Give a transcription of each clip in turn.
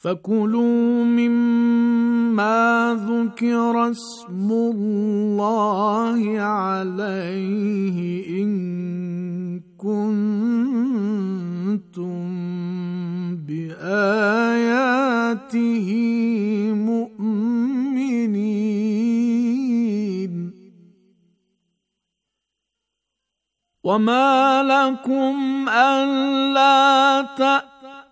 فكلوا مما ذكر اسم الله عليه ان كنتم باياته مؤمنين وما لكم الا تاتوا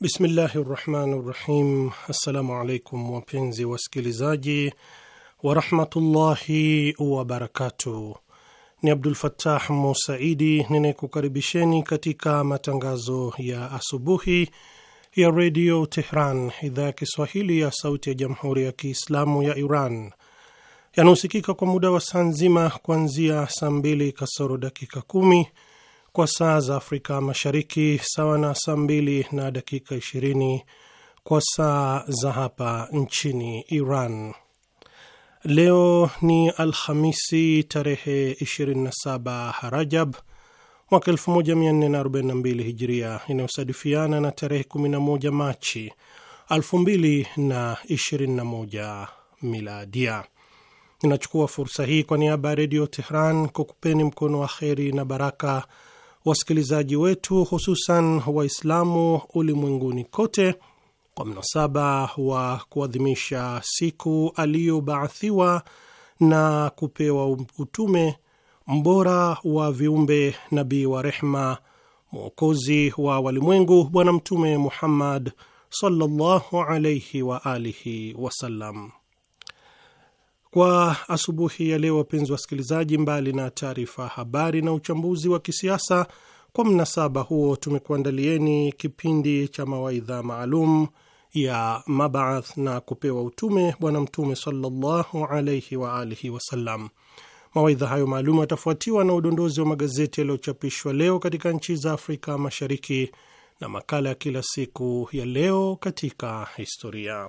Bismillahi rahmani rahim. Assalamu alaikum wapenzi wasikilizaji warahmatullahi wabarakatuh. Ni Abdul Fattah Musaidi ninayekukaribisheni katika matangazo ya asubuhi ya redio Tehran, idhaa ya Kiswahili ya sauti ya jamhuri ya Kiislamu ya Iran, yanahusikika kwa muda wa saa nzima kuanzia saa mbili kasoro dakika kumi kwa saa za Afrika Mashariki, sawa na saa mbili na dakika 20 kwa saa za hapa nchini Iran. Leo ni Alhamisi tarehe 27 Rajab mwaka 1442 Hijiria, inayosadifiana na tarehe 11 Machi 2021 Miladia. Ninachukua fursa hii kwa niaba ya Redio Tehran kukupeni mkono wa kheri na baraka wasikilizaji wetu hususan Waislamu ulimwenguni kote kwa mnasaba wa kuadhimisha siku aliyobaathiwa na kupewa utume mbora wa viumbe, nabii wa rehma, mwokozi wa walimwengu, Bwana Mtume Muhammad sallallahu alaihi wa alihi wasallam kwa asubuhi ya leo, wapenzi wasikilizaji, mbali na taarifa habari na uchambuzi wa kisiasa, kwa mnasaba huo tumekuandalieni kipindi cha mawaidha maalum ya mabaath na kupewa utume Bwana Mtume sallallahu alaihi wasallam. Mawaidha hayo maalum yatafuatiwa na udondozi wa magazeti yaliyochapishwa leo katika nchi za Afrika Mashariki na makala ya kila siku ya leo katika historia.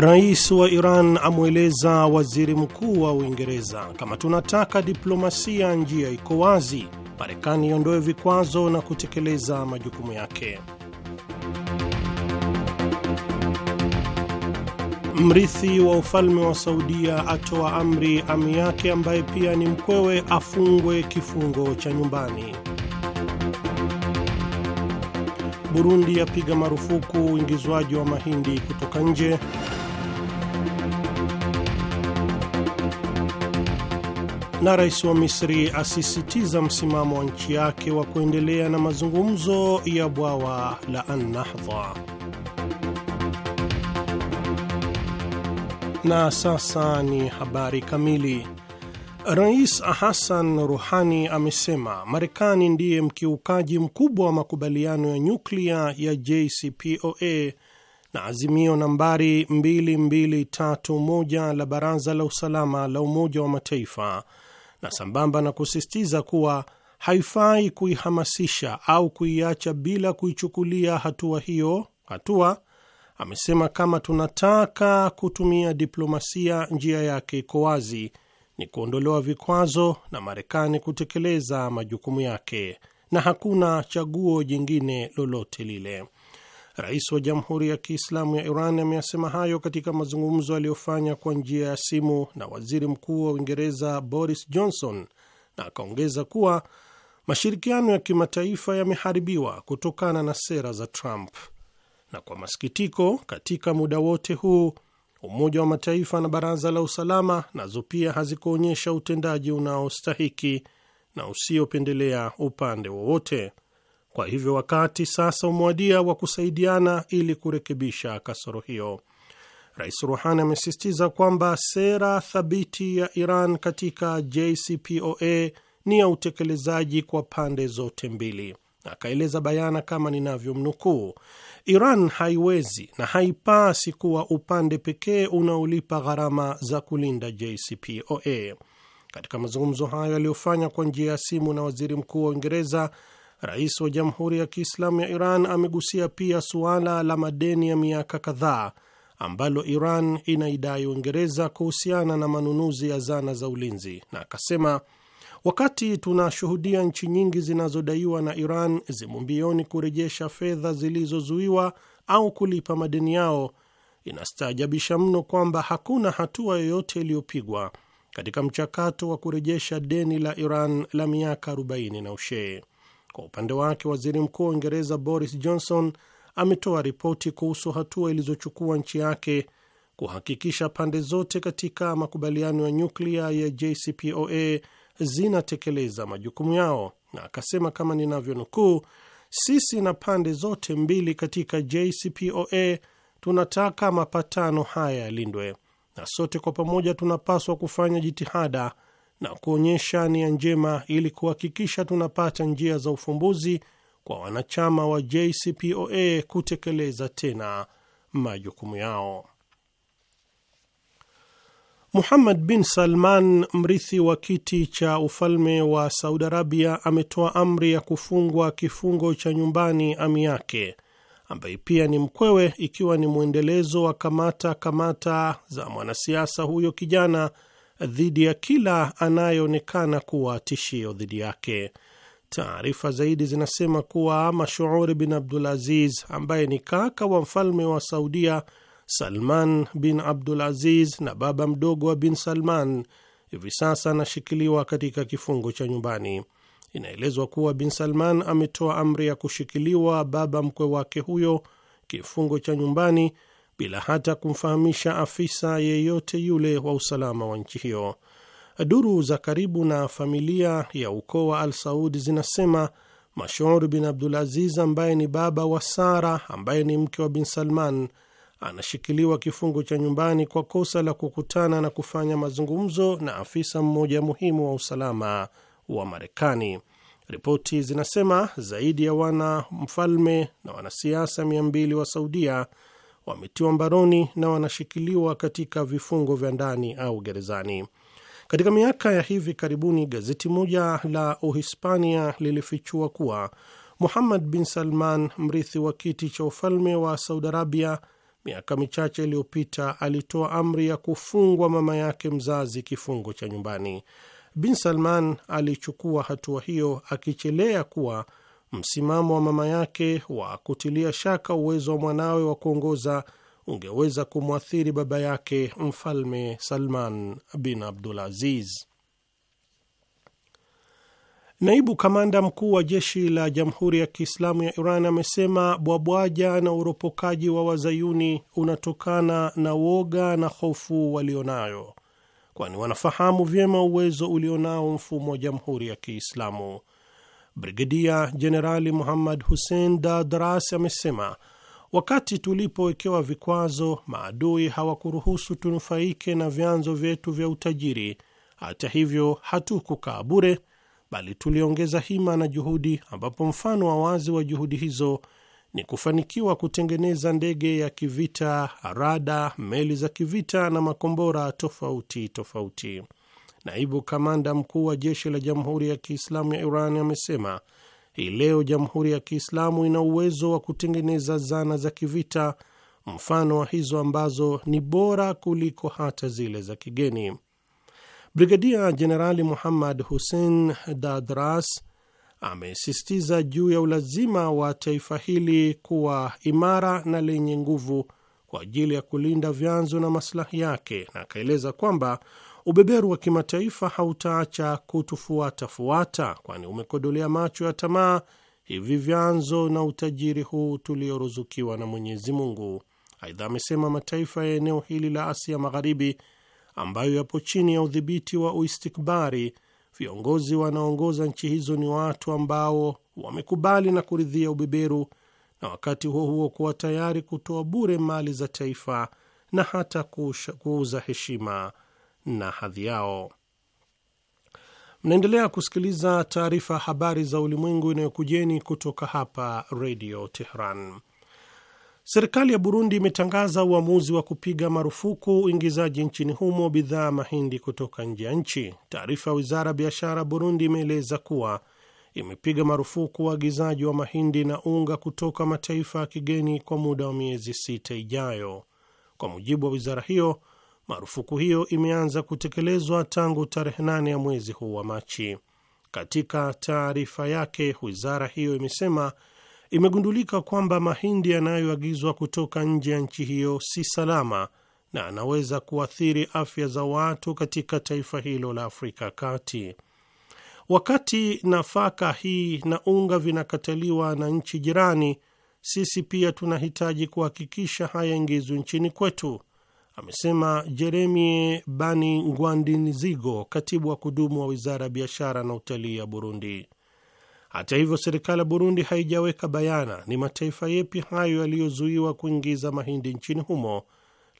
Rais wa Iran amweleza waziri mkuu wa Uingereza, kama tunataka diplomasia, njia iko wazi, Marekani iondoe vikwazo na kutekeleza majukumu yake. Mrithi wa ufalme wa Saudia atoa amri ami yake ambaye pia ni mkwewe afungwe kifungo cha nyumbani. Burundi yapiga marufuku uingizwaji wa mahindi kutoka nje. na rais wa Misri asisitiza msimamo wa nchi yake wa kuendelea na mazungumzo ya bwawa la Annahdha. Na sasa ni habari kamili. Rais Hassan Ruhani amesema Marekani ndiye mkiukaji mkubwa wa makubaliano ya nyuklia ya JCPOA na azimio nambari 2231 la Baraza la Usalama la Umoja wa Mataifa na sambamba na kusisitiza kuwa haifai kuihamasisha au kuiacha bila kuichukulia hatua hiyo hatua. Amesema kama tunataka kutumia diplomasia, njia yake iko wazi, ni kuondolewa vikwazo na Marekani kutekeleza majukumu yake, na hakuna chaguo jingine lolote lile. Rais wa Jamhuri ya Kiislamu ya Iran ameyasema hayo katika mazungumzo aliyofanya kwa njia ya simu na waziri mkuu wa Uingereza Boris Johnson, na akaongeza kuwa mashirikiano ya kimataifa yameharibiwa kutokana na sera za Trump, na kwa masikitiko, katika muda wote huu Umoja wa Mataifa na Baraza la Usalama nazo pia hazikuonyesha utendaji unaostahiki na usiopendelea upande wowote. Kwa hivyo wakati sasa umewadia wa kusaidiana ili kurekebisha kasoro hiyo. Rais Ruhani amesisitiza kwamba sera thabiti ya Iran katika JCPOA ni ya utekelezaji kwa pande zote mbili. Akaeleza bayana kama ninavyomnukuu, Iran haiwezi na haipasi kuwa upande pekee unaolipa gharama za kulinda JCPOA. Katika mazungumzo hayo yaliyofanya kwa njia ya simu na waziri mkuu wa Uingereza Rais wa Jamhuri ya Kiislamu ya Iran amegusia pia suala la madeni ya miaka kadhaa ambalo Iran inaidai Uingereza kuhusiana na manunuzi ya zana za ulinzi, na akasema wakati tunashuhudia nchi nyingi zinazodaiwa na Iran zimumbioni kurejesha fedha zilizozuiwa au kulipa madeni yao, inastaajabisha mno kwamba hakuna hatua yoyote iliyopigwa katika mchakato wa kurejesha deni la Iran la miaka 40 na ushee. Kwa upande wake, waziri mkuu wa Uingereza Boris Johnson ametoa ripoti kuhusu hatua ilizochukua nchi yake kuhakikisha pande zote katika makubaliano ya nyuklia ya JCPOA zinatekeleza majukumu yao, na akasema kama ninavyonukuu, sisi na pande zote mbili katika JCPOA tunataka mapatano haya yalindwe, na sote kwa pamoja tunapaswa kufanya jitihada na kuonyesha nia njema ili kuhakikisha tunapata njia za ufumbuzi kwa wanachama wa JCPOA kutekeleza tena majukumu yao. Muhammad bin Salman, mrithi wa kiti cha ufalme wa Saudi Arabia, ametoa amri ya kufungwa kifungo cha nyumbani ami yake ambaye pia ni mkwewe, ikiwa ni mwendelezo wa kamata kamata za mwanasiasa huyo kijana dhidi ya kila anayeonekana kuwa tishio dhidi yake. Taarifa zaidi zinasema kuwa Mashuuri bin Abdul Aziz ambaye ni kaka wa mfalme wa Saudia Salman bin Abdul Aziz na baba mdogo wa bin Salman hivi sasa anashikiliwa katika kifungo cha nyumbani. Inaelezwa kuwa bin Salman ametoa amri ya kushikiliwa baba mkwe wake huyo kifungo cha nyumbani bila hata kumfahamisha afisa yeyote yule wa usalama wa nchi hiyo. Duru za karibu na familia ya ukoo wa Al Saud zinasema Mashur bin aziz ambaye ni baba wa Sara ambaye ni mke wa bin Salman anashikiliwa kifungo cha nyumbani kwa kosa la kukutana na kufanya mazungumzo na afisa mmoja muhimu wa usalama wa Marekani. Ripoti zinasema zaidi ya wana mfalme na wanasiasa mia mbili wa Saudia wametiwa mbaroni na wanashikiliwa katika vifungo vya ndani au gerezani. Katika miaka ya hivi karibuni, gazeti moja la Uhispania lilifichua kuwa Muhammad bin Salman, mrithi wa kiti cha ufalme wa Saudi Arabia, miaka michache iliyopita alitoa amri ya kufungwa mama yake mzazi kifungo cha nyumbani. Bin Salman alichukua hatua hiyo akichelea kuwa msimamo wa mama yake wa kutilia shaka uwezo wa mwanawe wa kuongoza ungeweza kumwathiri baba yake Mfalme Salman bin Abdulaziz. Naibu kamanda mkuu wa jeshi la Jamhuri ya Kiislamu ya Iran amesema bwabwaja na uropokaji wa wazayuni unatokana na woga na hofu walionayo, kwani wanafahamu vyema uwezo ulionao mfumo wa Jamhuri ya Kiislamu. Brigedia Jenerali Muhammad Hussein Dadras amesema wakati tulipowekewa vikwazo, maadui hawakuruhusu tunufaike na vyanzo vyetu vya utajiri. Hata hivyo, hatukukaa bure, bali tuliongeza hima na juhudi, ambapo mfano wa wazi wa juhudi hizo ni kufanikiwa kutengeneza ndege ya kivita, rada, meli za kivita na makombora tofauti tofauti naibu kamanda mkuu wa jeshi la Jamhuri ya Kiislamu ya Iran amesema hii leo Jamhuri ya Kiislamu ina uwezo wa kutengeneza zana za kivita mfano wa hizo ambazo ni bora kuliko hata zile za kigeni. Brigadia Jenerali Muhammad Hussein Dadras amesisitiza juu ya ulazima wa taifa hili kuwa imara na lenye nguvu kwa ajili ya kulinda vyanzo na maslahi yake, na akaeleza kwamba Ubeberu wa kimataifa hautaacha kutufuata fuata kwani umekodolea macho ya tamaa hivi vyanzo na utajiri huu tulioruzukiwa na Mwenyezi Mungu. Aidha amesema mataifa ya eneo hili la Asia Magharibi ambayo yapo chini ya udhibiti wa uistikbari, viongozi wanaoongoza nchi hizo ni watu ambao wamekubali na kuridhia ubeberu na wakati huo huo kuwa tayari kutoa bure mali za taifa na hata kuuza heshima na hadhi yao. Mnaendelea kusikiliza taarifa ya habari za ulimwengu inayokujeni kutoka hapa redio Tehran. Serikali ya Burundi imetangaza uamuzi wa kupiga marufuku uingizaji nchini humo bidhaa mahindi kutoka nje ya nchi. Taarifa ya wizara ya biashara Burundi imeeleza kuwa imepiga marufuku uagizaji wa mahindi na unga kutoka mataifa ya kigeni kwa muda wa miezi sita ijayo. Kwa mujibu wa wizara hiyo, Marufuku hiyo imeanza kutekelezwa tangu tarehe 8 ya mwezi huu wa Machi. Katika taarifa yake, wizara hiyo imesema imegundulika kwamba mahindi yanayoagizwa kutoka nje ya nchi hiyo si salama na anaweza kuathiri afya za watu katika taifa hilo la Afrika Kati. Wakati nafaka hii na unga vinakataliwa na nchi jirani, sisi pia tunahitaji kuhakikisha hayaingizwi nchini kwetu, amesema Jeremie Bani Ngwandinzigo, katibu wa kudumu wa wizara ya biashara na utalii ya Burundi. Hata hivyo, serikali ya Burundi haijaweka bayana ni mataifa yepi hayo yaliyozuiwa kuingiza mahindi nchini humo,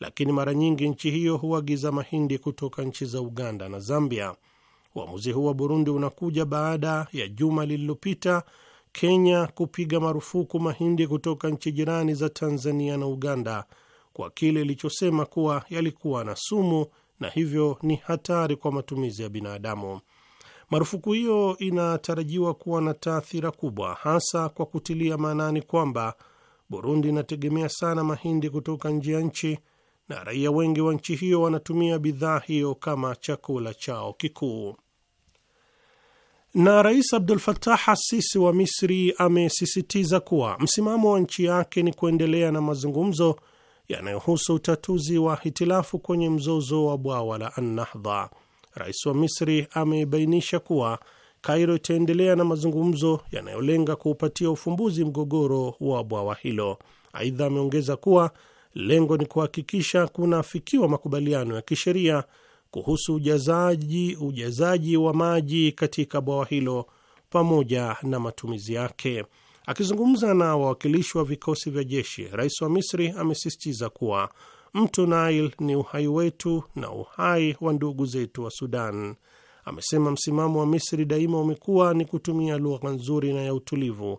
lakini mara nyingi nchi hiyo huagiza mahindi kutoka nchi za Uganda na Zambia. Uamuzi huu wa Burundi unakuja baada ya juma lililopita Kenya kupiga marufuku mahindi kutoka nchi jirani za Tanzania na Uganda kwa kile ilichosema kuwa yalikuwa na sumu na hivyo ni hatari kwa matumizi ya binadamu. Marufuku hiyo inatarajiwa kuwa na taathira kubwa, hasa kwa kutilia maanani kwamba Burundi inategemea sana mahindi kutoka nje ya nchi na raia wengi wa nchi hiyo wanatumia bidhaa hiyo kama chakula chao kikuu. Na Rais Abdul fatah Assisi wa Misri amesisitiza kuwa msimamo wa nchi yake ni kuendelea na mazungumzo yanayohusu utatuzi wa hitilafu kwenye mzozo wa bwawa la Annahdha. Rais wa Misri amebainisha kuwa Kairo itaendelea na mazungumzo yanayolenga kuupatia ufumbuzi mgogoro wa bwawa hilo. Aidha, ameongeza kuwa lengo ni kuhakikisha kunaafikiwa makubaliano ya kisheria kuhusu ujazaji, ujazaji wa maji katika bwawa hilo pamoja na matumizi yake. Akizungumza na wawakilishi wa vikosi vya jeshi, rais wa Misri amesisitiza kuwa mto Nile ni uhai wetu na uhai wa ndugu zetu wa Sudan. Amesema msimamo wa Misri daima umekuwa ni kutumia lugha nzuri na ya utulivu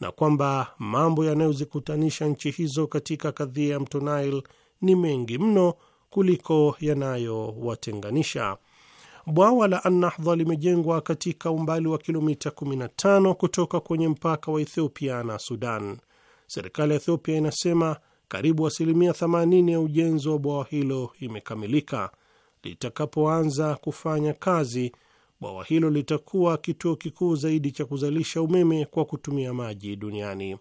na kwamba mambo yanayozikutanisha nchi hizo katika kadhia ya mto Nile ni mengi mno kuliko yanayowatenganisha. Bwawa la Annahdha limejengwa katika umbali wa kilomita 15 kutoka kwenye mpaka wa Ethiopia na Sudan. Serikali ya Ethiopia inasema karibu asilimia 80 ya ujenzi wa bwawa hilo imekamilika. Litakapoanza kufanya kazi, bwawa hilo litakuwa kituo kikuu zaidi cha kuzalisha umeme kwa kutumia maji duniani.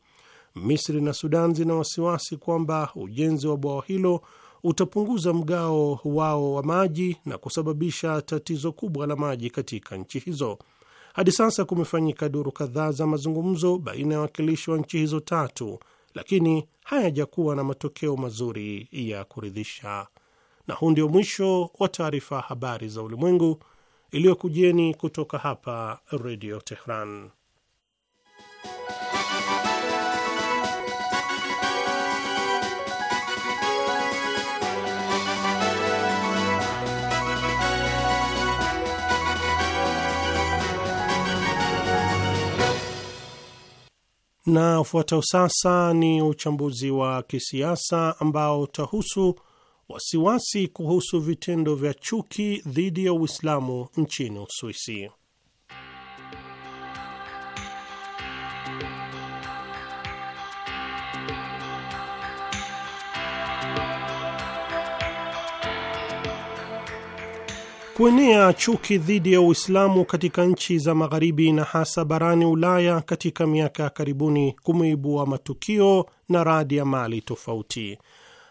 Misri na Sudan zina wasiwasi kwamba ujenzi wa bwawa hilo utapunguza mgao wao wa maji na kusababisha tatizo kubwa la maji katika nchi hizo. Hadi sasa kumefanyika duru kadhaa za mazungumzo baina ya wakilishi wa nchi hizo tatu, lakini hayajakuwa na matokeo mazuri ya kuridhisha. Na huu ndio mwisho wa taarifa habari za ulimwengu iliyokujeni kutoka hapa Redio Tehran. Na ufuatao sasa ni uchambuzi wa kisiasa ambao utahusu wasiwasi kuhusu vitendo vya chuki dhidi ya Uislamu nchini Uswisi. Kuenea chuki dhidi ya Uislamu katika nchi za Magharibi na hasa barani Ulaya katika miaka ya karibuni kumeibua matukio na radi ya mali tofauti.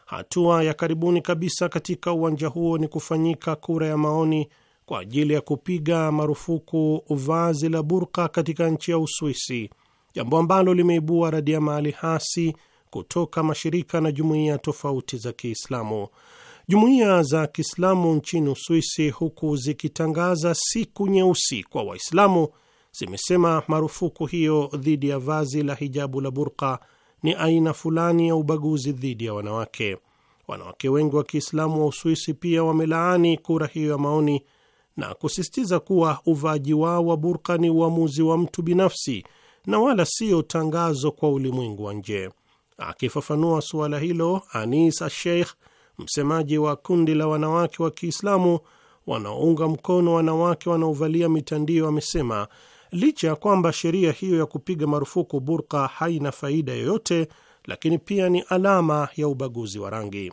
Hatua ya karibuni kabisa katika uwanja huo ni kufanyika kura ya maoni kwa ajili ya kupiga marufuku vazi la burka katika nchi ya Uswisi, jambo ambalo limeibua radi ya mali hasi kutoka mashirika na jumuiya tofauti za Kiislamu. Jumuiya za Kiislamu nchini Uswisi, huku zikitangaza siku nyeusi kwa Waislamu, zimesema marufuku hiyo dhidi ya vazi la hijabu la burqa ni aina fulani ya ubaguzi dhidi ya wanawake. Wanawake wengi wa Kiislamu wa Uswisi pia wamelaani kura hiyo ya maoni na kusisitiza kuwa uvaaji wao wa burka ni uamuzi wa mtu binafsi na wala siyo tangazo kwa ulimwengu wa nje. Akifafanua suala hilo, Anis Asheikh Msemaji wa kundi la wanawake wa Kiislamu wanaounga mkono wanawake wanaovalia mitandio amesema licha ya kwamba sheria hiyo ya kupiga marufuku burka haina faida yoyote, lakini pia ni alama ya ubaguzi wa rangi.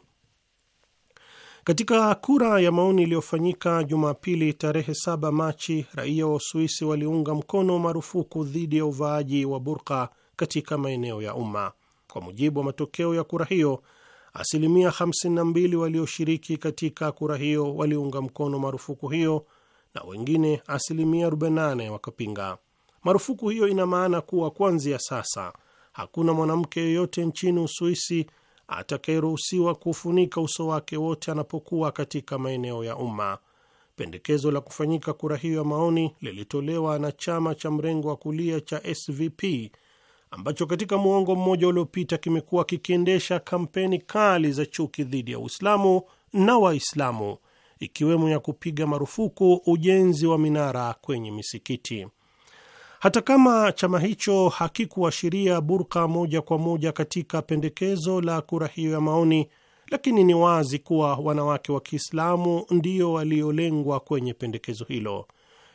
Katika kura ya maoni iliyofanyika Jumapili tarehe 7 Machi, raia wa Uswisi waliunga mkono marufuku dhidi ya uvaaji wa burka katika maeneo ya umma. Kwa mujibu wa matokeo ya kura hiyo, Asilimia 52 walioshiriki katika kura hiyo waliunga mkono marufuku hiyo na wengine asilimia 48 wakapinga. Marufuku hiyo ina maana kuwa kuanzia sasa hakuna mwanamke yeyote nchini Uswisi atakayeruhusiwa kufunika uso wake wote anapokuwa katika maeneo ya umma. Pendekezo la kufanyika kura hiyo ya maoni lilitolewa na chama cha mrengo wa kulia cha SVP ambacho katika muongo mmoja uliopita kimekuwa kikiendesha kampeni kali za chuki dhidi ya Uislamu na Waislamu, ikiwemo ya kupiga marufuku ujenzi wa minara kwenye misikiti. Hata kama chama hicho hakikuashiria burka moja kwa moja katika pendekezo la kura hiyo ya maoni, lakini ni wazi kuwa wanawake wa Kiislamu ndio waliolengwa kwenye pendekezo hilo.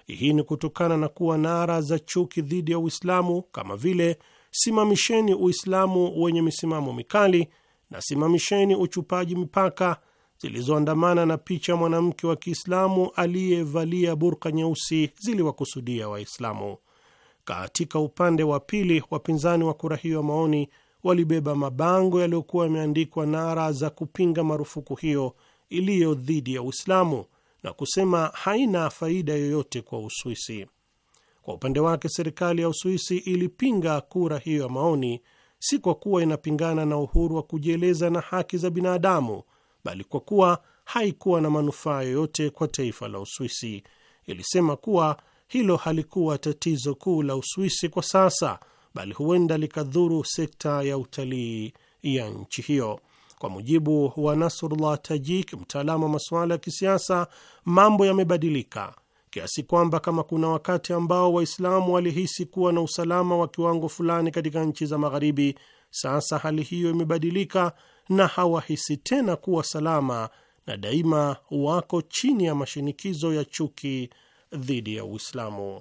Hii ni kutokana na kuwa nara za chuki dhidi ya Uislamu kama vile simamisheni Uislamu wenye misimamo mikali na simamisheni uchupaji mipaka zilizoandamana na picha mwanamke wa Kiislamu aliyevalia burka nyeusi ziliwakusudia Waislamu. Katika upande wa pili, wapinzani wa kura hiyo ya maoni walibeba mabango yaliyokuwa yameandikwa nara za kupinga marufuku hiyo iliyo dhidi ya Uislamu na kusema haina faida yoyote kwa Uswisi. Kwa upande wake, serikali ya Uswisi ilipinga kura hiyo ya maoni, si kwa kuwa inapingana na uhuru wa kujieleza na haki za binadamu, bali kwa kuwa haikuwa na manufaa yoyote kwa taifa la Uswisi. Ilisema kuwa hilo halikuwa tatizo kuu la Uswisi kwa sasa, bali huenda likadhuru sekta ya utalii ya nchi hiyo. Kwa mujibu wa Nasrullah Tajik, mtaalamu wa masuala ya kisiasa, mambo yamebadilika kiasi kwamba kama kuna wakati ambao Waislamu walihisi kuwa na usalama wa kiwango fulani katika nchi za Magharibi, sasa hali hiyo imebadilika na hawahisi tena kuwa salama, na daima wako chini ya mashinikizo ya chuki dhidi ya Uislamu.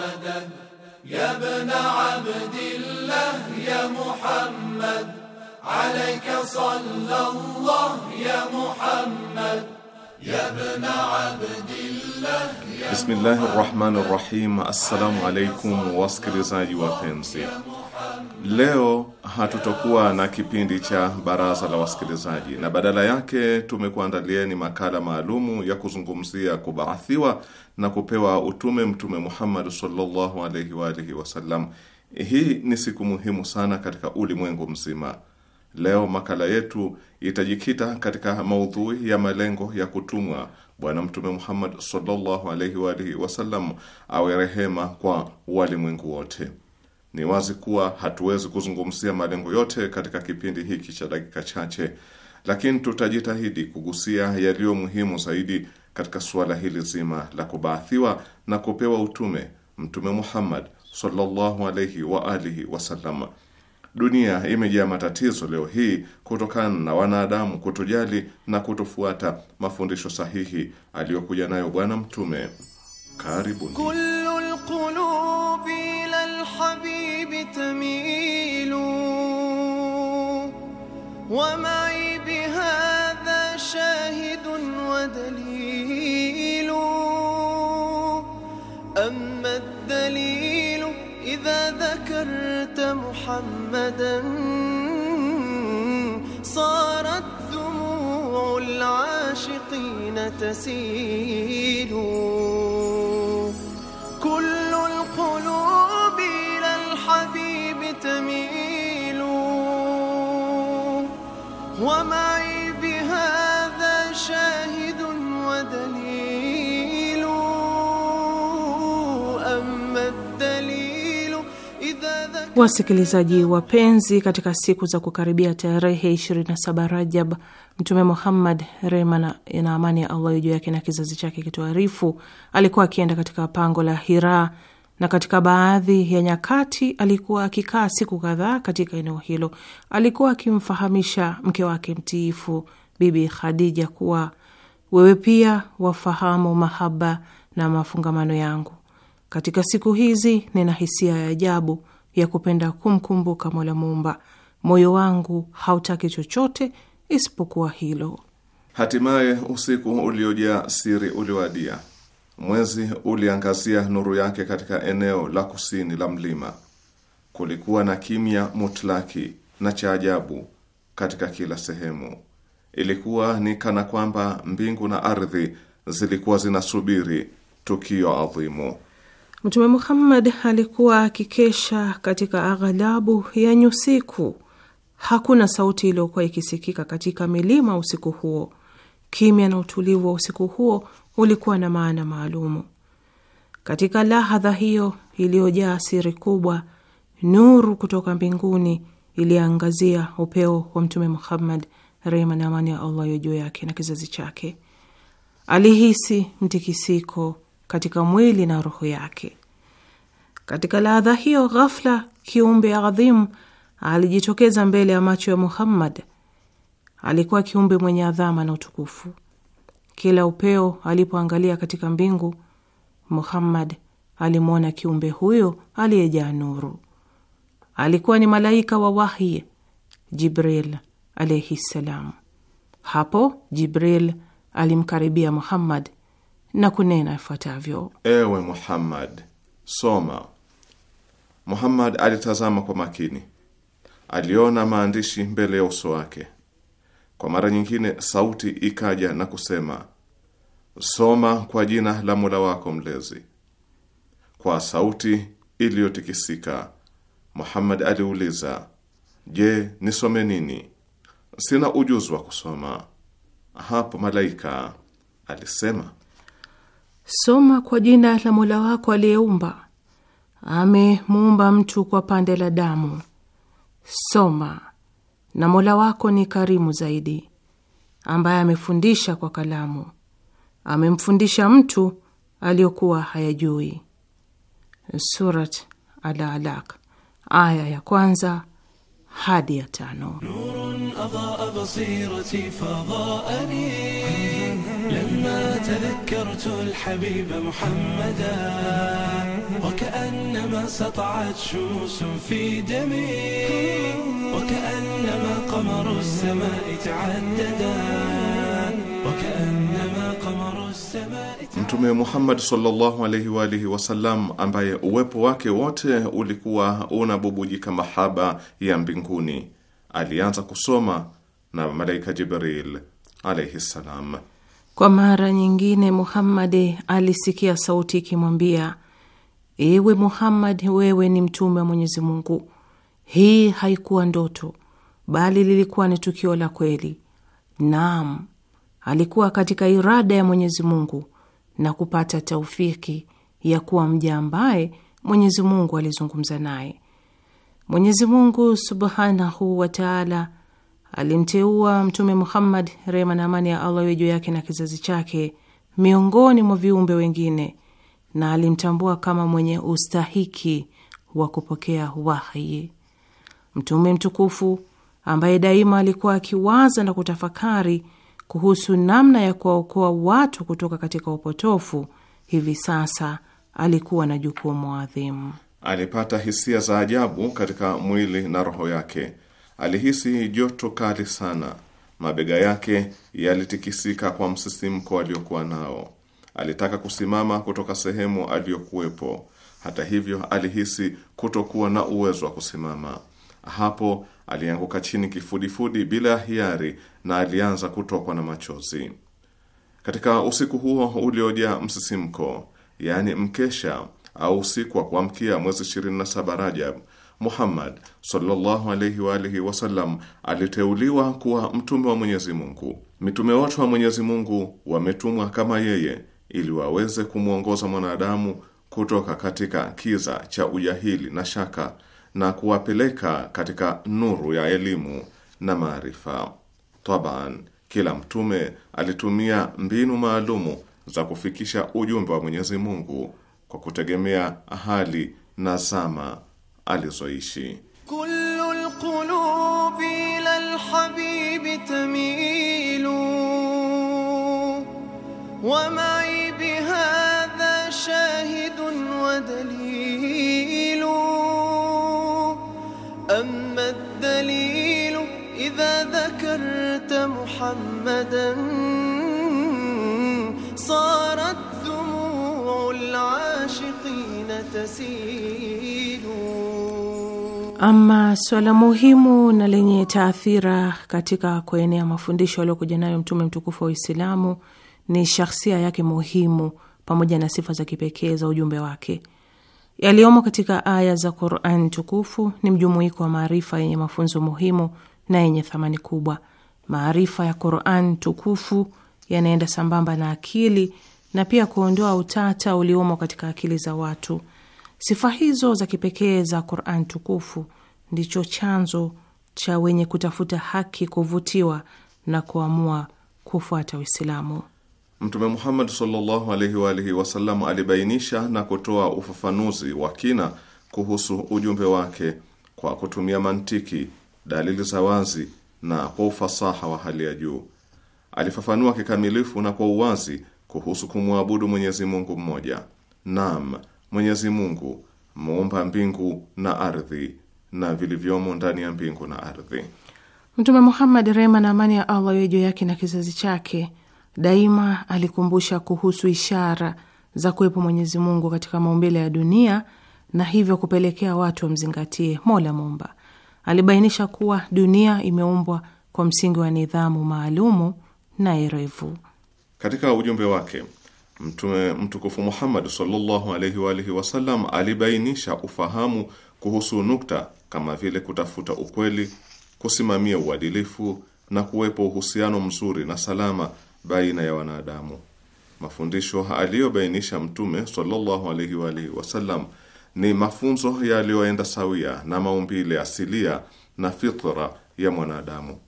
محمدا يا ابن عبد الله يا محمد عليك صلى الله يا محمد يا ابن عبد الله بسم الله الرحمن الرحيم السلام عليكم واسكرزاي وفينسي Leo hatutokuwa na kipindi cha baraza la wasikilizaji, na badala yake tumekuandalieni makala maalumu ya kuzungumzia kubaathiwa na kupewa utume Mtume Muhammad sallallahu alaihi wa alihi wasallam. Hii ni siku muhimu sana katika ulimwengu mzima. Leo makala yetu itajikita katika maudhui ya malengo ya kutumwa Bwana Mtume Muhammad sallallahu alaihi wa alihi wasallam, awe rehema kwa walimwengu wote. Ni wazi kuwa hatuwezi kuzungumzia malengo yote katika kipindi hiki cha dakika chache, lakini tutajitahidi kugusia yaliyo muhimu zaidi katika suala hili zima la kubaathiwa na kupewa utume Mtume Muhammad sallallahu alayhi wa alihi wasallam. Dunia imejaa matatizo leo hii kutokana na wanadamu kutojali na kutofuata mafundisho sahihi aliyokuja nayo Bwana Mtume. Karibuni. الحبيب تميل ومعي بهذا شاهد ودليل أما الدليل إذا ذكرت محمدا صارت دموع العاشقين تسيل ومعي بهذا شاهد ودليل أما الدليل إذا ذكرت wasikilizaji wapenzi, katika siku za kukaribia tarehe 27 Rajab, Mtume Muhammad, rehma na amani ya Allah juu yake na kizazi chake kitoarifu, alikuwa akienda katika pango la Hira na katika baadhi ya nyakati alikuwa akikaa siku kadhaa katika eneo hilo. Alikuwa akimfahamisha mke wake mtiifu Bibi Khadija kuwa wewe pia wafahamu mahaba na mafungamano yangu. Katika siku hizi nina hisia ya ajabu ya kupenda kumkumbuka Mola Muumba. Moyo wangu hautaki chochote isipokuwa hilo. Hatimaye usiku uliojaa siri uliwadia. Mwezi uliangazia nuru yake katika eneo la kusini la mlima. Kulikuwa na kimya mutlaki na cha ajabu katika kila sehemu. Ilikuwa ni kana kwamba mbingu na ardhi zilikuwa zinasubiri tukio adhimu. Mtume Muhammad alikuwa akikesha katika aghalabu ya nyusiku. Hakuna sauti iliyokuwa ikisikika katika milima usiku huo. Kimya na utulivu wa usiku huo ulikuwa na maana maalumu. Katika lahadha hiyo iliyojaa siri kubwa, nuru kutoka mbinguni iliangazia upeo wa Mtume Muhammad, rehma na amani ya Allah juu yake na kizazi chake. Alihisi mtikisiko katika mwili na roho yake. Katika laadha hiyo, ghafla kiumbe adhimu alijitokeza mbele ya macho ya Muhammad. Alikuwa kiumbe mwenye adhama na utukufu. Kila upeo alipoangalia katika mbingu, Muhammad alimwona kiumbe huyo aliyejaa nuru. Alikuwa ni malaika wa wahi Jibril alaihi ssalam. Hapo Jibril alimkaribia Muhammad na kunena ifuatavyo: ewe Muhammad, soma. Muhammad alitazama kwa makini, aliona maandishi mbele ya uso wake kwa mara nyingine sauti ikaja na kusema, soma kwa jina la Mola wako Mlezi. Kwa sauti iliyotikisika, Muhammad aliuliza, je, nisome nini? Sina ujuzi wa kusoma. Hapo malaika alisema, soma kwa jina la Mola wako aliyeumba, amemuumba mtu kwa pande la damu. Soma na Mola wako ni karimu zaidi, ambaye amefundisha kwa kalamu, amemfundisha mtu aliyokuwa hayajui. Surat Al-Alaq aya ya kwanza hadi ya tano. وكأنما قمر السماء تعددا قمر السماء Mtume Muhammad sallallahu alaihi wa alihi wasallam ambaye uwepo wake wote ulikuwa unabubujika mahaba ya mbinguni alianza kusoma na malaika Jibril alaihi salam. Kwa mara nyingine Muhammadi alisikia sauti ikimwambia, ewe Muhammad, wewe ni mtume wa Mwenyezi Mungu hii haikuwa ndoto, bali lilikuwa ni tukio la kweli. Naam, alikuwa katika irada ya Mwenyezi Mungu na kupata taufiki ya kuwa mja ambaye Mwenyezi Mungu alizungumza naye. Mwenyezi Mungu subhanahu wa taala alimteua Mtume Muhammad, rehma na amani ya Allah iwe juu yake na kizazi chake, miongoni mwa viumbe wengine, na alimtambua kama mwenye ustahiki wa kupokea wahi. Mtume mtukufu ambaye daima alikuwa akiwaza na kutafakari kuhusu namna ya kuwaokoa watu kutoka katika upotofu, hivi sasa alikuwa na jukumu adhimu. Alipata hisia za ajabu katika mwili na roho yake. Alihisi joto kali sana, mabega yake yalitikisika kwa msisimko aliyokuwa nao. Alitaka kusimama kutoka sehemu aliyokuwepo. Hata hivyo, alihisi kutokuwa na uwezo wa kusimama. Hapo alianguka chini kifudifudi bila hiari na alianza kutokwa na machozi. Katika usiku huo uliojaa msisimko, yaani mkesha au usiku wa kuamkia mwezi 27 Rajab, Muhammad sallallahu alayhi wa alihi wasallam aliteuliwa kuwa mtume wa Mwenyezi Mungu. Mitume wote wa Mwenyezi Mungu wametumwa kama yeye ili waweze kumwongoza mwanadamu kutoka katika kiza cha ujahili na shaka na kuwapeleka katika nuru ya elimu na maarifa. Taban, kila mtume alitumia mbinu maalumu za kufikisha ujumbe wa Mwenyezi Mungu kwa kutegemea hali na zama alizoishi. wama محمدا صارت دموع العاشقين تسيل Ama swala muhimu na lenye taathira katika kuenea mafundisho aliyokuja nayo Mtume mtukufu wa Uislamu ni shakhsia yake muhimu pamoja na sifa za kipekee za ujumbe wake. Yaliyomo katika aya za Qur'an tukufu ni mjumuiko wa maarifa yenye mafunzo muhimu na yenye thamani kubwa. Maarifa ya Quran tukufu yanaenda sambamba na akili na pia kuondoa utata uliomo katika akili za watu. Sifa hizo za kipekee za Quran tukufu ndicho chanzo cha wenye kutafuta haki kuvutiwa na kuamua kufuata Uislamu. Mtume Muhammad sallallahu alaihi wa alihi wasallam alibainisha na kutoa ufafanuzi wa kina kuhusu ujumbe wake kwa kutumia mantiki, dalili za wazi na kwa ufasaha wa hali ya juu. Alifafanua kikamilifu na kwa uwazi kuhusu kumwabudu Mwenyezi Mungu mmoja. Naam, Mwenyezi Mungu muumba mbingu na ardhi na vilivyomo ndani ya mbingu na ardhi. Mtume Muhammad, rehma na amani ya Allah iwe juu yake na kizazi chake, daima alikumbusha kuhusu ishara za kuwepo Mwenyezi Mungu katika maumbile ya dunia na hivyo kupelekea watu wamzingatie Mola Muumba. Alibainisha kuwa dunia imeumbwa kwa msingi wa nidhamu maalumu na erevu. Katika ujumbe wake Mtume mtukufu Muhammad sallallahu alaihi wa alihi wasallam alibainisha ufahamu kuhusu nukta kama vile kutafuta ukweli, kusimamia uadilifu na kuwepo uhusiano mzuri na salama baina ya wanadamu. Mafundisho aliyobainisha Mtume sallallahu alaihi wa alihi wasallam ni mafunzo yaliyoenda sawia na maumbile asilia na fitra ya mwanadamu.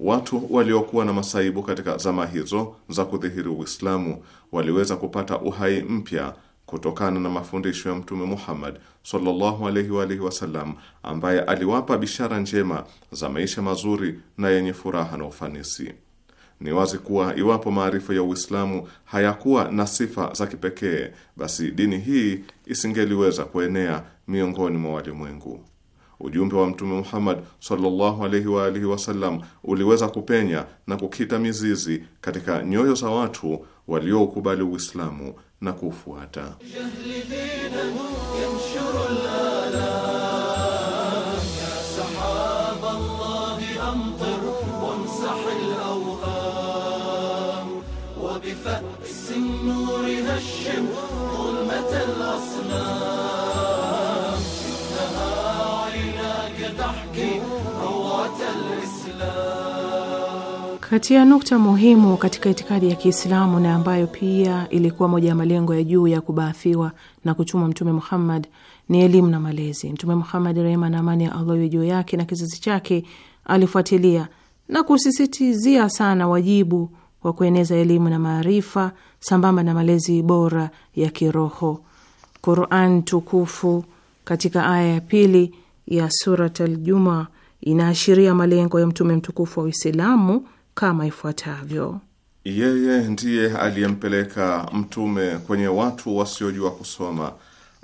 Watu waliokuwa na masaibu katika zama hizo za kudhihiri Uislamu waliweza kupata uhai mpya kutokana na mafundisho ya Mtume Muhammad sallallahu alaihi wa alihi wasallam, ambaye aliwapa bishara njema za maisha mazuri na yenye furaha na ufanisi. Ni wazi kuwa iwapo maarifa ya Uislamu hayakuwa na sifa za kipekee, basi dini hii isingeliweza kuenea miongoni mwa walimwengu. Ujumbe wa Mtume Muhammad sallallahu alaihi wa alihi wasallam uliweza kupenya na kukita mizizi katika nyoyo za watu walioukubali Uislamu na kuufuata. تمسح الأوهام وبفأس النور هشم ظلمة الأصنام إنها عيناك تحكي روعة الإسلام. Kati ya nukta muhimu katika itikadi ya Kiislamu na ambayo pia ilikuwa moja ya malengo ya juu ya kubaathiwa na kutumwa Mtume Muhammad ni elimu na malezi. Mtume Muhammad, rehema na amani ya Allah juu yake na kizazi chake, alifuatilia na kusisitizia sana wajibu wa kueneza elimu na maarifa sambamba na malezi bora ya kiroho. Quran tukufu katika aya ya pili ya Surat Aljuma inaashiria malengo ya mtume mtukufu wa Uislamu kama ifuatavyo: yeye ndiye aliyempeleka mtume kwenye watu wasiojua kusoma,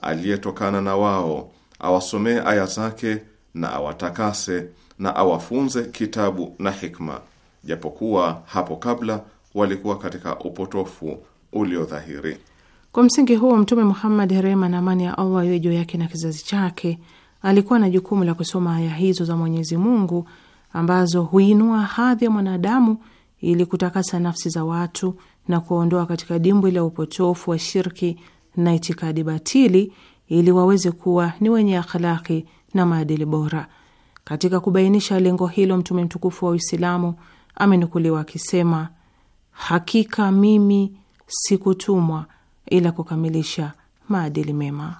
aliyetokana na wao, awasomee aya zake na awatakase na awafunze kitabu na hikma, japokuwa hapo kabla walikuwa katika upotofu uliodhahiri. Kwa msingi huo, Mtume Muhammad, rehma na amani ya Allah iwe juu yake na kizazi chake, alikuwa na jukumu la kusoma aya hizo za Mwenyezi Mungu ambazo huinua hadhi ya mwanadamu ili kutakasa nafsi za watu na kuwaondoa katika dimbwi la upotofu wa shirki na itikadi batili ili waweze kuwa ni wenye akhlaki na maadili bora. Katika kubainisha lengo hilo, Mtume mtukufu wa Uislamu amenukuliwa akisema, hakika mimi sikutumwa ila kukamilisha maadili mema.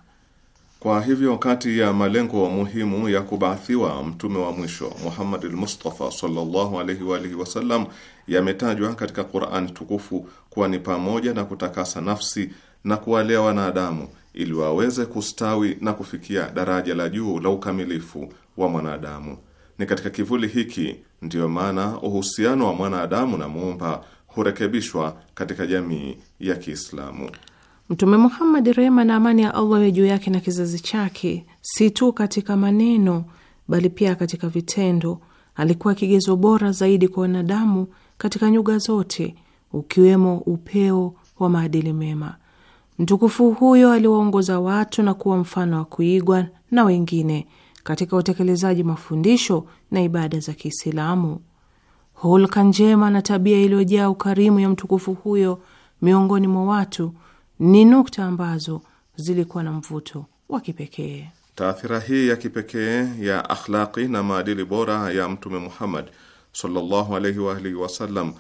Kwa hivyo kati ya malengo muhimu ya kubaathiwa mtume wa mwisho Muhammad al-Mustafa sallallahu alaihi wa alihi wasallam yametajwa katika Qur'ani tukufu kuwa ni pamoja na kutakasa nafsi na kuwalea wanadamu ili waweze kustawi na kufikia daraja la juu la ukamilifu wa mwanadamu. Ni katika kivuli hiki ndiyo maana uhusiano wa mwanadamu na muumba hurekebishwa katika jamii ya Kiislamu. Mtume Muhammad, rehma na amani ya Allah iwe juu yake na kizazi chake, si tu katika maneno bali pia katika vitendo, alikuwa kigezo bora zaidi kwa wanadamu katika nyuga zote, ukiwemo upeo wa maadili mema. Mtukufu huyo aliwaongoza watu na kuwa mfano wa kuigwa na wengine katika utekelezaji mafundisho na ibada za Kiislamu. Hulka njema na tabia iliyojaa ukarimu ya mtukufu huyo miongoni mwa watu ni nukta ambazo zilikuwa na mvuto wa kipekee. Taathira hii ya kipekee ya akhlaqi na maadili bora ya Mtume Muhammad sallallahu alaihi wa alihi wasallam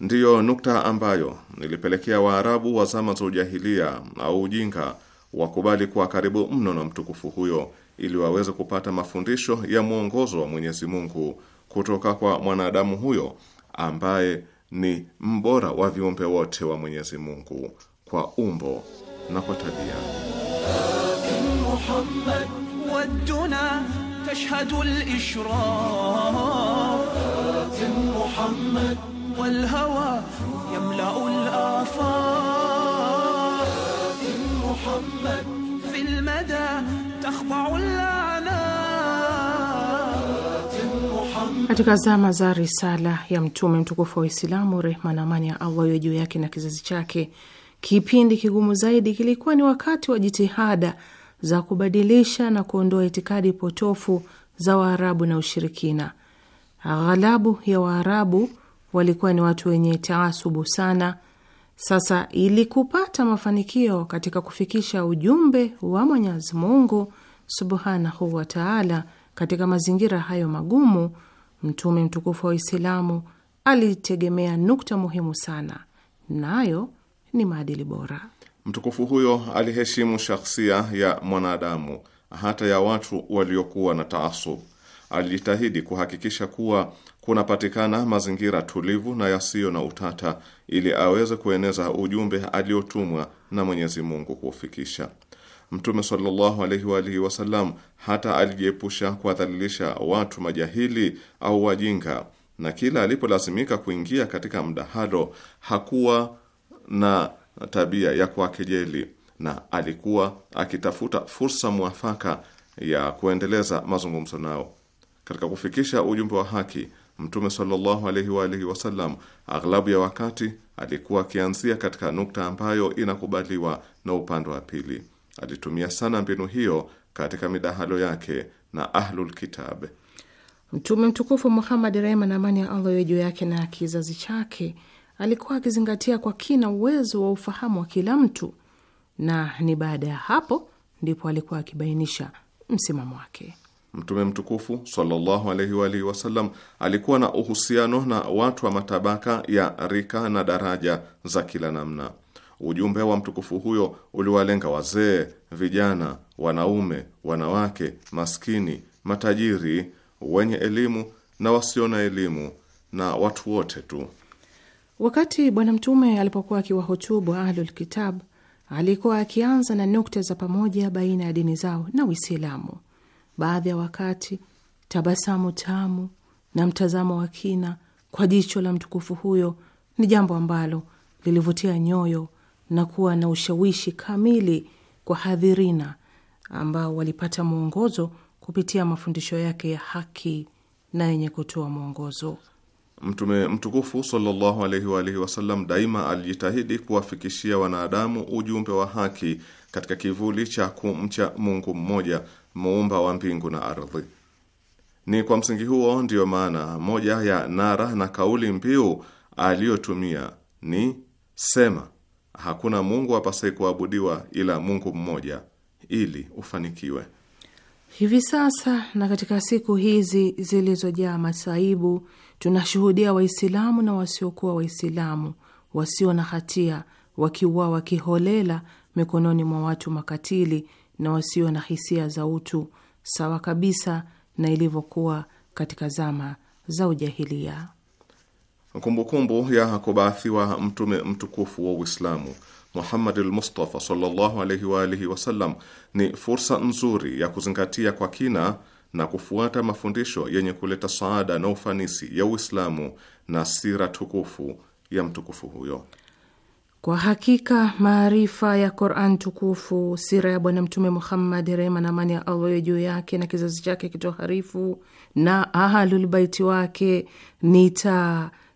ndiyo nukta ambayo ilipelekea Waarabu wa zama za ujahilia au ujinga wakubali kuwa karibu mno na mtukufu huyo ili waweze kupata mafundisho ya mwongozo wa Mwenyezi Mungu kutoka kwa mwanadamu huyo ambaye ni mbora wa viumbe wote wa Mwenyezi Mungu kwa umbo na kwa tabia. Katika zama za risala ya mtume mtukufu wa Uislamu, rehma na amani ya Allah iwe juu yake na kizazi chake, kipindi kigumu zaidi kilikuwa ni wakati wa jitihada za kubadilisha na kuondoa itikadi potofu za Waarabu na ushirikina. ghalabu ya Waarabu walikuwa ni watu wenye taasubu sana. Sasa ili kupata mafanikio katika kufikisha ujumbe wa Mwenyezi Mungu subhanahu wa taala. Katika mazingira hayo magumu, mtume mtukufu wa Uislamu alitegemea nukta muhimu sana, nayo ni maadili bora. Mtukufu huyo aliheshimu shakhsia ya mwanadamu, hata ya watu waliokuwa na taasub. Alijitahidi kuhakikisha kuwa kunapatikana mazingira tulivu na yasiyo na utata, ili aweze kueneza ujumbe aliotumwa na Mwenyezi Mungu kuufikisha. Mtume sallallahu alaihi wa alihi wasallam hata alijiepusha kuwadhalilisha watu majahili au wajinga, na kila alipolazimika kuingia katika mdahalo hakuwa na tabia ya kuwakejeli, na alikuwa akitafuta fursa mwafaka ya kuendeleza mazungumzo nao katika kufikisha ujumbe wa haki. Mtume sallallahu alaihi wa alihi wasallam aghlabu ya wakati alikuwa akianzia katika nukta ambayo inakubaliwa na upande wa pili alitumia sana mbinu hiyo katika midahalo yake na Ahlul Kitab. Mtume mtukufu Muhammad, rehma na amani ya Allah iwe juu yake na kizazi chake, alikuwa akizingatia kwa kina uwezo wa ufahamu wa kila mtu, na ni baada ya hapo ndipo alikuwa akibainisha msimamo wake. Mtume mtukufu sallallahu alaihi wa alihi wasallam alikuwa na uhusiano na watu wa matabaka ya rika na daraja za kila namna. Ujumbe wa mtukufu huyo uliwalenga wazee, vijana, wanaume, wanawake, maskini, matajiri, wenye elimu na wasio na elimu, na watu wote tu. Wakati Bwana Mtume alipokuwa akiwahutubu Ahlulkitab, alikuwa akianza na nukta za pamoja baina ya dini zao na Uislamu. Baadhi ya wakati tabasamu tamu na mtazamo wa kina kwa jicho la mtukufu huyo ni jambo ambalo lilivutia nyoyo na kuwa na ushawishi kamili kwa hadhirina ambao walipata mwongozo kupitia mafundisho yake ya haki na yenye kutoa mwongozo. Mtume mtukufu sallallahu alaihi wa alihi wasallam daima alijitahidi kuwafikishia wanadamu ujumbe wa haki katika kivuli cha kumcha Mungu mmoja, muumba wa mbingu na ardhi. Ni kwa msingi huo ndiyo maana moja ya nara na kauli mbiu aliyotumia ni sema hakuna Mungu apasaye kuabudiwa ila Mungu mmoja, ili ufanikiwe. Hivi sasa na katika siku hizi zilizojaa masaibu, tunashuhudia Waislamu na wasiokuwa Waislamu wasio na hatia wakiuawa kiholela mikononi mwa watu makatili na wasio na hisia za utu, sawa kabisa na ilivyokuwa katika zama za ujahilia kumbukumbu kumbu ya kubaathiwa mtume mtukufu wa Uislamu Muhammad al-Mustafa sallallahu alayhi wa alihi wasallam ni fursa nzuri ya kuzingatia kwa kina na kufuata mafundisho yenye kuleta saada na ufanisi ya Uislamu na sira tukufu ya mtukufu huyo. Kwa hakika maarifa ya Quran tukufu, sira ya Bwana Mtume Muhammad, rehma na amani ya Allah juu yake na kizazi chake kitoharifu na ahalulbaiti wake ni taa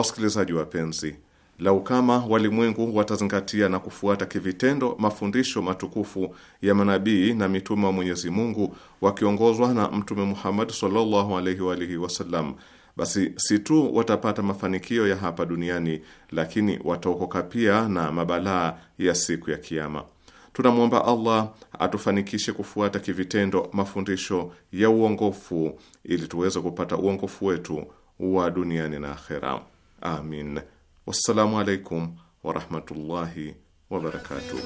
Wasikilizaji wapenzi, lau kama walimwengu watazingatia na kufuata kivitendo mafundisho matukufu ya manabii na mitume wa Mwenyezi Mungu wakiongozwa na Mtume Muhammad sallallahu alaihi wa alihi wasallam, basi si tu watapata mafanikio ya hapa duniani, lakini wataokoka pia na mabalaa ya siku ya kiama Tunamwomba Allah atufanikishe kufuata kivitendo mafundisho ya uongofu ili tuweze kupata uongofu wetu wa duniani na akhera. آمين والسلام عليكم ورحمة الله وبركاته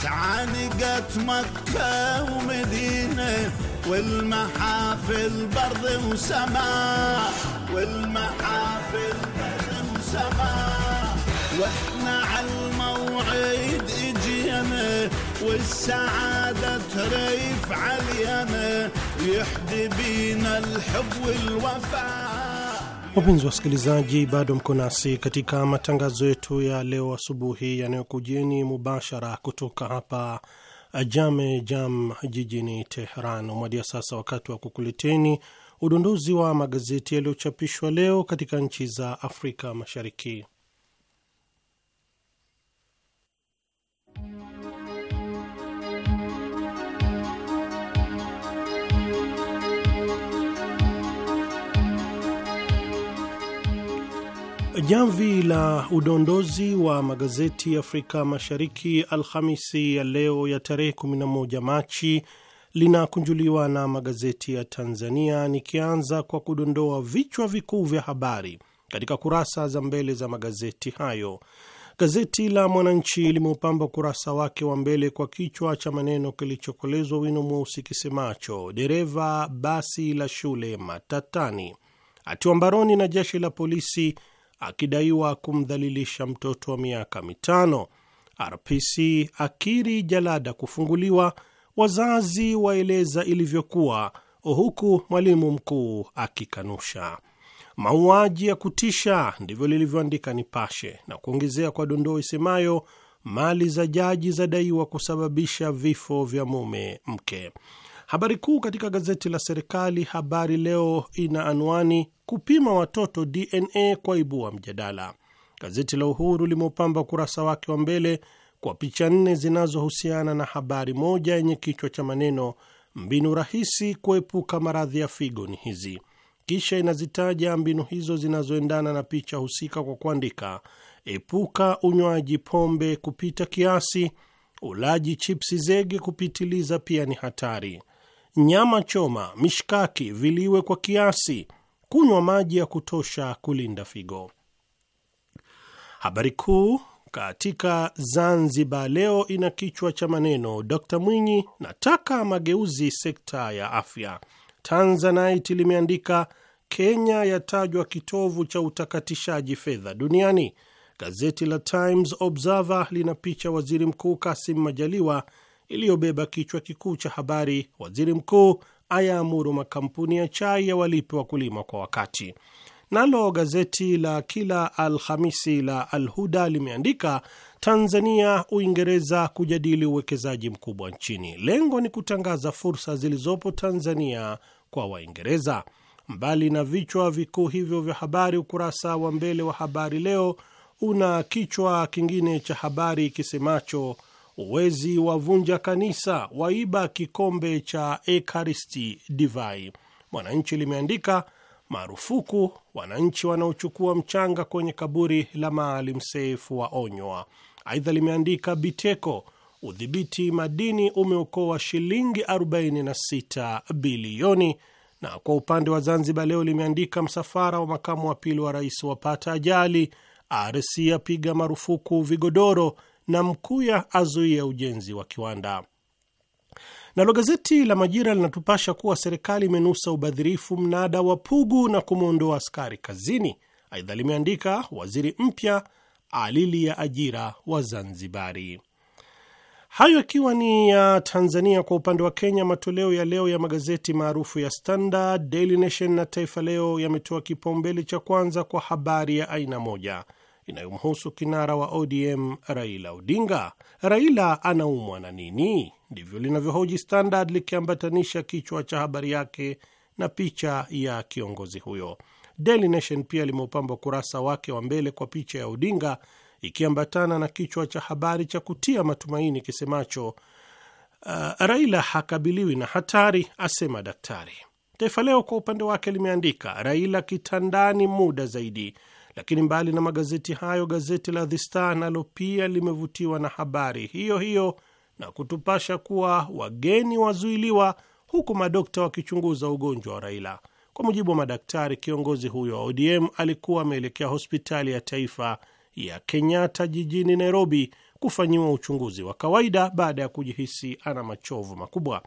تعانقت مكة ومدينة والمحافل Amin. وسماء والمحافل warahmatullahi وسماء واحنا على الموعد اجينا والسعادة تريف علينا يحدي بينا الحب والوفاء Wapenzi wasikilizaji, bado mko nasi katika matangazo yetu ya leo asubuhi yanayokujeni mubashara kutoka hapa Jame Jam jijini Teheran. Umwadia sasa wakati wa kukuleteni udondozi wa magazeti yaliyochapishwa leo katika nchi za Afrika Mashariki. jamvi la udondozi wa magazeti ya Afrika Mashariki Alhamisi ya leo ya tarehe 11 Machi linakunjuliwa na magazeti ya Tanzania, nikianza kwa kudondoa vichwa vikuu vya habari katika kurasa za mbele za magazeti hayo. Gazeti la Mwananchi limeupamba ukurasa wake wa mbele kwa kichwa cha maneno kilichokolezwa wino mweusi kisemacho, dereva basi la shule matatani, atiwa mbaroni na jeshi la polisi akidaiwa kumdhalilisha mtoto wa miaka mitano. RPC akiri jalada kufunguliwa, wazazi waeleza ilivyokuwa, huku mwalimu mkuu akikanusha. Mauaji ya kutisha, ndivyo lilivyoandika Nipashe na kuongezea kwa dondoo isemayo mali za jaji zadaiwa kusababisha vifo vya mume mke. Habari kuu katika gazeti la serikali Habari Leo ina anwani kupima watoto DNA kwa ibua mjadala. Gazeti la Uhuru limeupamba ukurasa wake wa mbele kwa picha nne zinazohusiana na habari moja yenye kichwa cha maneno mbinu rahisi kuepuka maradhi ya figo ni hizi, kisha inazitaja mbinu hizo zinazoendana na picha husika kwa kuandika: epuka unywaji pombe kupita kiasi, ulaji chipsi zege kupitiliza pia ni hatari, nyama choma, mishkaki viliwe kwa kiasi, kunywa maji ya kutosha kulinda figo. Habari kuu katika Zanzibar leo ina kichwa cha maneno Dkt Mwinyi, nataka mageuzi sekta ya afya. Tanzanite limeandika Kenya yatajwa kitovu cha utakatishaji fedha duniani. Gazeti la Times Observer lina picha waziri mkuu Kasim Majaliwa iliyobeba kichwa kikuu cha habari, waziri mkuu ayaamuru makampuni ya chai ya walipe wakulima kwa wakati. Nalo gazeti la kila Alhamisi la Alhuda limeandika Tanzania, Uingereza kujadili uwekezaji mkubwa nchini. Lengo ni kutangaza fursa zilizopo Tanzania kwa Waingereza. Mbali na vichwa vikuu hivyo vya habari, ukurasa wa mbele wa habari leo una kichwa kingine cha habari kisemacho wezi wavunja kanisa, waiba kikombe cha ekaristi divai. Mwananchi limeandika marufuku, wananchi wanaochukua mchanga kwenye kaburi la Maalim Seif waonywa. Aidha limeandika Biteko, udhibiti madini umeokoa shilingi 46 bilioni. Na kwa upande wa Zanzibar Leo limeandika msafara wa makamu wa pili wa rais wapata ajali, RC yapiga marufuku vigodoro na Mkuya azuia ujenzi wa kiwanda. Nalo gazeti la Majira linatupasha kuwa serikali imenusa ubadhirifu mnada wa Pugu na kumwondoa askari kazini. Aidha limeandika waziri mpya alili ya ajira wa Zanzibari. Hayo akiwa ni ya Tanzania. Kwa upande wa Kenya, matoleo ya leo ya magazeti maarufu ya Standard, Daily Nation na Taifa Leo yametoa kipaumbele cha kwanza kwa habari ya aina moja inayomhusu kinara wa ODM Raila Odinga. Raila anaumwa na nini? Ndivyo linavyohoji Standard likiambatanisha kichwa cha habari yake na picha ya kiongozi huyo. Daily Nation pia limeupamba ukurasa wake wa mbele kwa picha ya Odinga ikiambatana na kichwa cha habari cha kutia matumaini kisemacho uh, Raila hakabiliwi na hatari, asema daktari. Taifa Leo kwa upande wake limeandika Raila kitandani muda zaidi, lakini mbali na magazeti hayo, gazeti la The Star nalo pia limevutiwa na habari hiyo hiyo na kutupasha kuwa wageni wazuiliwa huku madokta wakichunguza ugonjwa wa Raila. Kwa mujibu wa madaktari, kiongozi huyo wa ODM alikuwa ameelekea hospitali ya taifa ya Kenyatta jijini Nairobi kufanyiwa uchunguzi wa kawaida baada ya kujihisi ana machovu makubwa.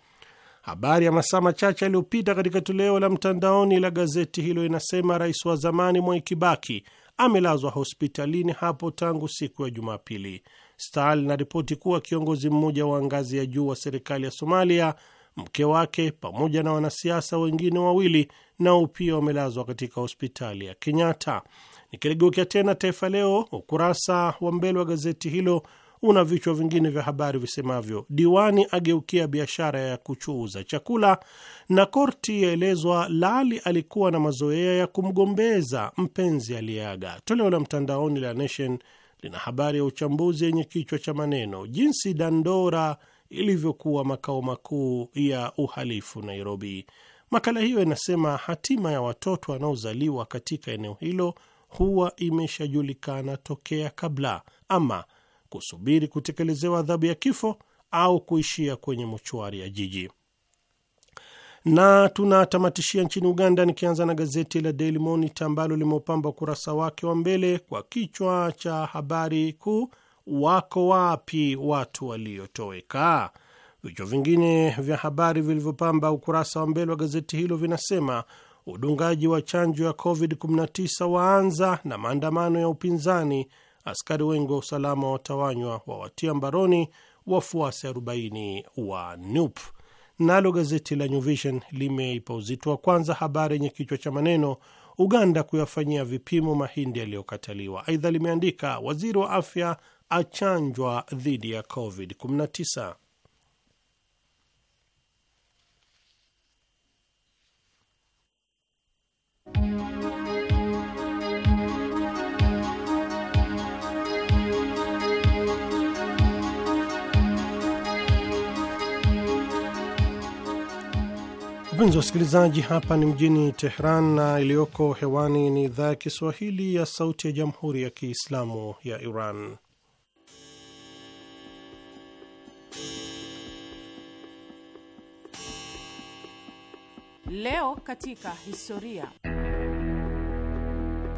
Habari ya masaa machache yaliyopita katika toleo la mtandaoni la gazeti hilo inasema rais wa zamani Mwai Kibaki amelazwa hospitalini hapo tangu siku ya Jumapili. Star linaripoti kuwa kiongozi mmoja wa ngazi ya juu wa serikali ya Somalia, mke wake pamoja na wanasiasa wengine wawili nao pia wamelazwa katika hospitali ya Kenyatta. Nikiligeukia tena Taifa Leo, ukurasa wa mbele wa gazeti hilo una vichwa vingine vya habari visemavyo: diwani ageukia biashara ya kuchuuza chakula, na korti yaelezwa Lali alikuwa na mazoea ya kumgombeza mpenzi aliyeaga. Toleo la mtandaoni la Nation lina habari ya uchambuzi yenye kichwa cha maneno jinsi Dandora ilivyokuwa makao makuu ya uhalifu Nairobi. Makala hiyo inasema hatima ya watoto wanaozaliwa katika eneo hilo huwa imeshajulikana tokea kabla, ama kusubiri kutekelezewa adhabu ya kifo au kuishia kwenye mochwari ya jiji. Na tunatamatishia nchini Uganda, nikianza na gazeti la Daily Monitor ambalo limeupamba ukurasa wake wa mbele kwa kichwa cha habari kuu, wako wapi watu waliotoweka? Vichwa vingine vya habari vilivyopamba ukurasa wa mbele wa gazeti hilo vinasema udungaji wa chanjo ya COVID-19 waanza na maandamano ya upinzani askari wengi wa usalama watawanywa, wawatia mbaroni wafuasi 40 wa NUP. Nalo gazeti la New Vision limeipa uzito wa kwanza habari yenye kichwa cha maneno Uganda kuyafanyia vipimo mahindi yaliyokataliwa. Aidha limeandika waziri wa afya achanjwa dhidi ya COVID-19. Wapenzi wasikilizaji, hapa ni mjini Tehran na iliyoko hewani ni idhaa ya Kiswahili ya Sauti ya Jamhuri ya Kiislamu ya Iran. Leo katika historia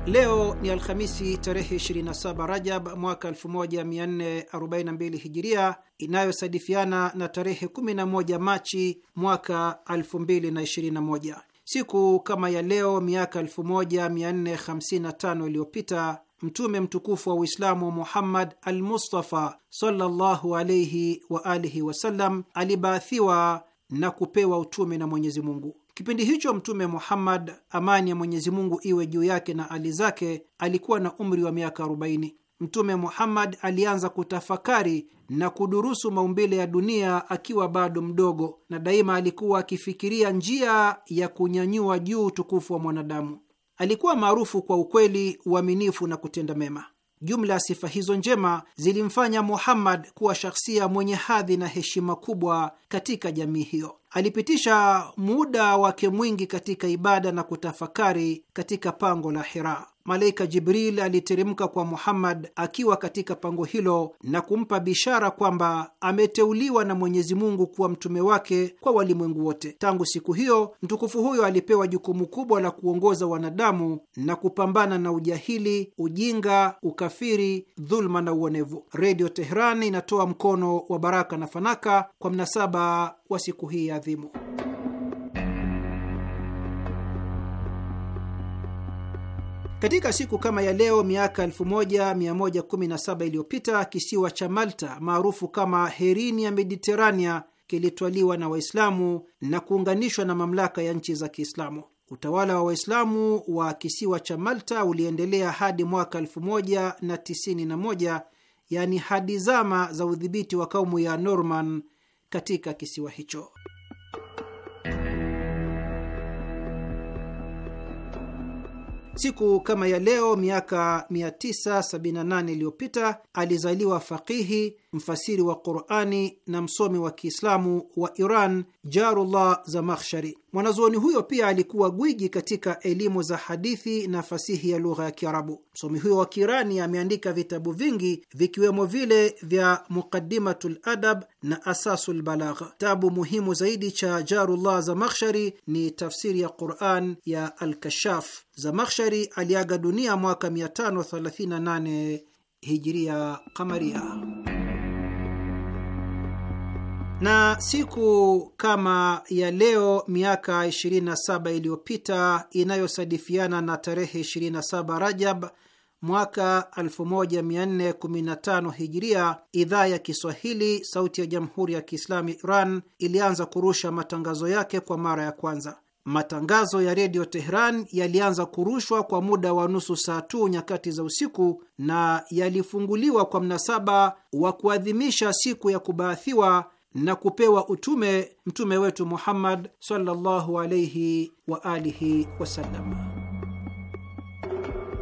Leo ni Alhamisi tarehe 27 Rajab mwaka 1442 Hijiria, inayosadifiana na tarehe 11 Machi mwaka 2021. Siku kama ya leo miaka 1455 iliyopita Mtume mtukufu wa Uislamu Muhammad al Mustafa sallallahu alaihi wa alihi wasallam alibaathiwa na kupewa utume na Mwenyezi Mungu. Kipindi hicho Mtume Muhammad, amani ya Mwenyezi Mungu iwe juu yake na ali zake, alikuwa na umri wa miaka 40. Mtume Muhammad alianza kutafakari na kudurusu maumbile ya dunia akiwa bado mdogo, na daima alikuwa akifikiria njia ya kunyanyua juu utukufu wa mwanadamu. Alikuwa maarufu kwa ukweli, uaminifu na kutenda mema. Jumla ya sifa hizo njema zilimfanya Muhammad kuwa shahsia mwenye hadhi na heshima kubwa katika jamii hiyo. Alipitisha muda wake mwingi katika ibada na kutafakari katika pango la Hiraa malaika Jibril aliteremka kwa Muhammad akiwa katika pango hilo na kumpa bishara kwamba ameteuliwa na Mwenyezi Mungu kuwa mtume wake kwa walimwengu wote. Tangu siku hiyo mtukufu huyo alipewa jukumu kubwa la kuongoza wanadamu na kupambana na ujahili, ujinga, ukafiri, dhuluma na uonevu. Redio Teheran inatoa mkono wa baraka na fanaka kwa mnasaba wa siku hii adhimu. Katika siku kama ya leo miaka 1117 iliyopita kisiwa cha Malta maarufu kama herini ya Mediterania kilitwaliwa na Waislamu na kuunganishwa na mamlaka ya nchi za Kiislamu. Utawala wa Waislamu wa kisiwa cha Malta uliendelea hadi mwaka 1091, yaani hadi zama za udhibiti wa kaumu ya Norman katika kisiwa hicho. Siku kama ya leo miaka 978 iliyopita alizaliwa faqihi mfasiri wa Qurani na msomi wa Kiislamu wa Iran, Jarullah Zamakhshari. Mwanazuoni huyo pia alikuwa gwiji katika elimu za hadithi na fasihi ya lugha ya Kiarabu. Msomi huyo wa Kiirani ameandika vitabu vingi vikiwemo vile vya Muqaddimatul Ladab na Asasu Lbalagha. Kitabu muhimu zaidi cha Jarullah Zamakhshari ni tafsiri ya Quran ya Alkashaf. Zamakhshari aliaga dunia mwaka 538 hijiria kamaria. Na siku kama ya leo miaka 27 iliyopita inayosadifiana na tarehe 27 Rajab mwaka 1415 Hijiria, idhaa ya Kiswahili sauti ya jamhuri ya Kiislamu Iran ilianza kurusha matangazo yake kwa mara ya kwanza. Matangazo ya redio Teheran yalianza kurushwa kwa muda wa nusu saa tu nyakati za usiku na yalifunguliwa kwa mnasaba wa kuadhimisha siku ya kubaathiwa na kupewa utume mtume wetu Muhammad sallallahu wa alihi wasallam.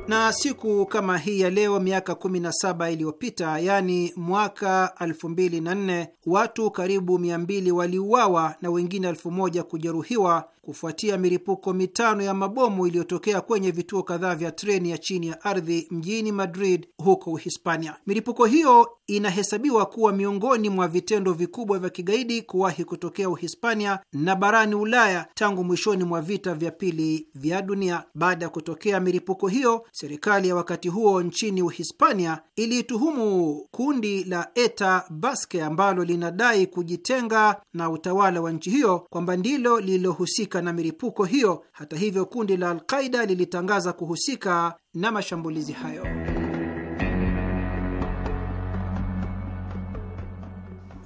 Na siku kama hii ya leo miaka 17 iliyopita, yaani mwaka 2004, watu karibu 200 waliuawa na wengine 1000 kujeruhiwa kufuatia milipuko mitano ya mabomu iliyotokea kwenye vituo kadhaa vya treni ya chini ya ardhi mjini Madrid huko Uhispania. Milipuko hiyo inahesabiwa kuwa miongoni mwa vitendo vikubwa vya kigaidi kuwahi kutokea Uhispania na barani Ulaya tangu mwishoni mwa vita vya pili vya dunia. Baada ya kutokea milipuko hiyo, serikali ya wakati huo nchini Uhispania iliituhumu kundi la ETA Baske ambalo linadai kujitenga na utawala wa nchi hiyo kwamba ndilo lililohusika kuhusika na milipuko hiyo. Hata hivyo, kundi la Alqaida lilitangaza kuhusika na mashambulizi hayo.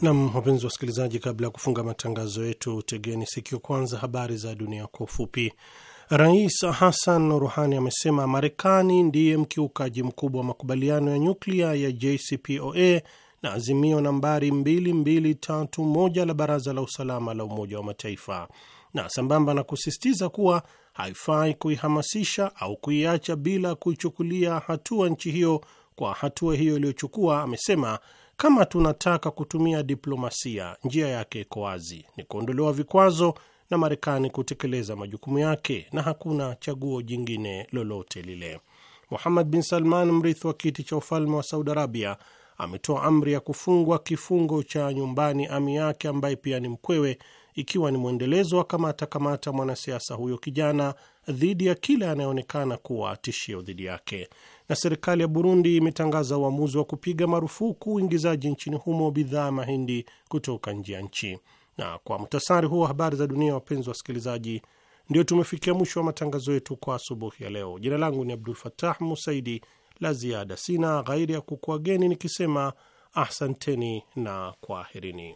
Nam, wapenzi wasikilizaji, kabla ya kufunga matangazo yetu, tegeni sikio kwanza habari za dunia kwa ufupi. Rais Hassan Ruhani amesema Marekani ndiye mkiukaji mkubwa wa makubaliano ya nyuklia ya JCPOA na azimio nambari 2231 la Baraza la Usalama la Umoja wa Mataifa na sambamba na kusisitiza kuwa haifai kuihamasisha au kuiacha bila kuichukulia hatua nchi hiyo kwa hatua hiyo iliyochukua, amesema kama tunataka kutumia diplomasia, njia yake iko wazi, ni kuondolewa vikwazo na Marekani kutekeleza majukumu yake, na hakuna chaguo jingine lolote lile. Muhammad bin Salman, mrithi wa kiti cha ufalme wa Saudi Arabia, ametoa amri ya kufungwa kifungo cha nyumbani ami yake ambaye pia ni mkwewe ikiwa ni mwendelezo wa kamata kamata mwanasiasa huyo kijana dhidi ya kile anayeonekana kuwa tishio dhidi yake. Na serikali ya Burundi imetangaza uamuzi wa kupiga marufuku uingizaji nchini humo bidhaa mahindi kutoka nje ya nchi. Na kwa mtasari huo habari za dunia, wapenzi wa wasikilizaji, ndio tumefikia mwisho wa matangazo yetu kwa asubuhi ya leo. Jina langu ni Abdul Fatah Musaidi. La ziada sina ghairi ya kukuageni nikisema ahsanteni na kwaherini.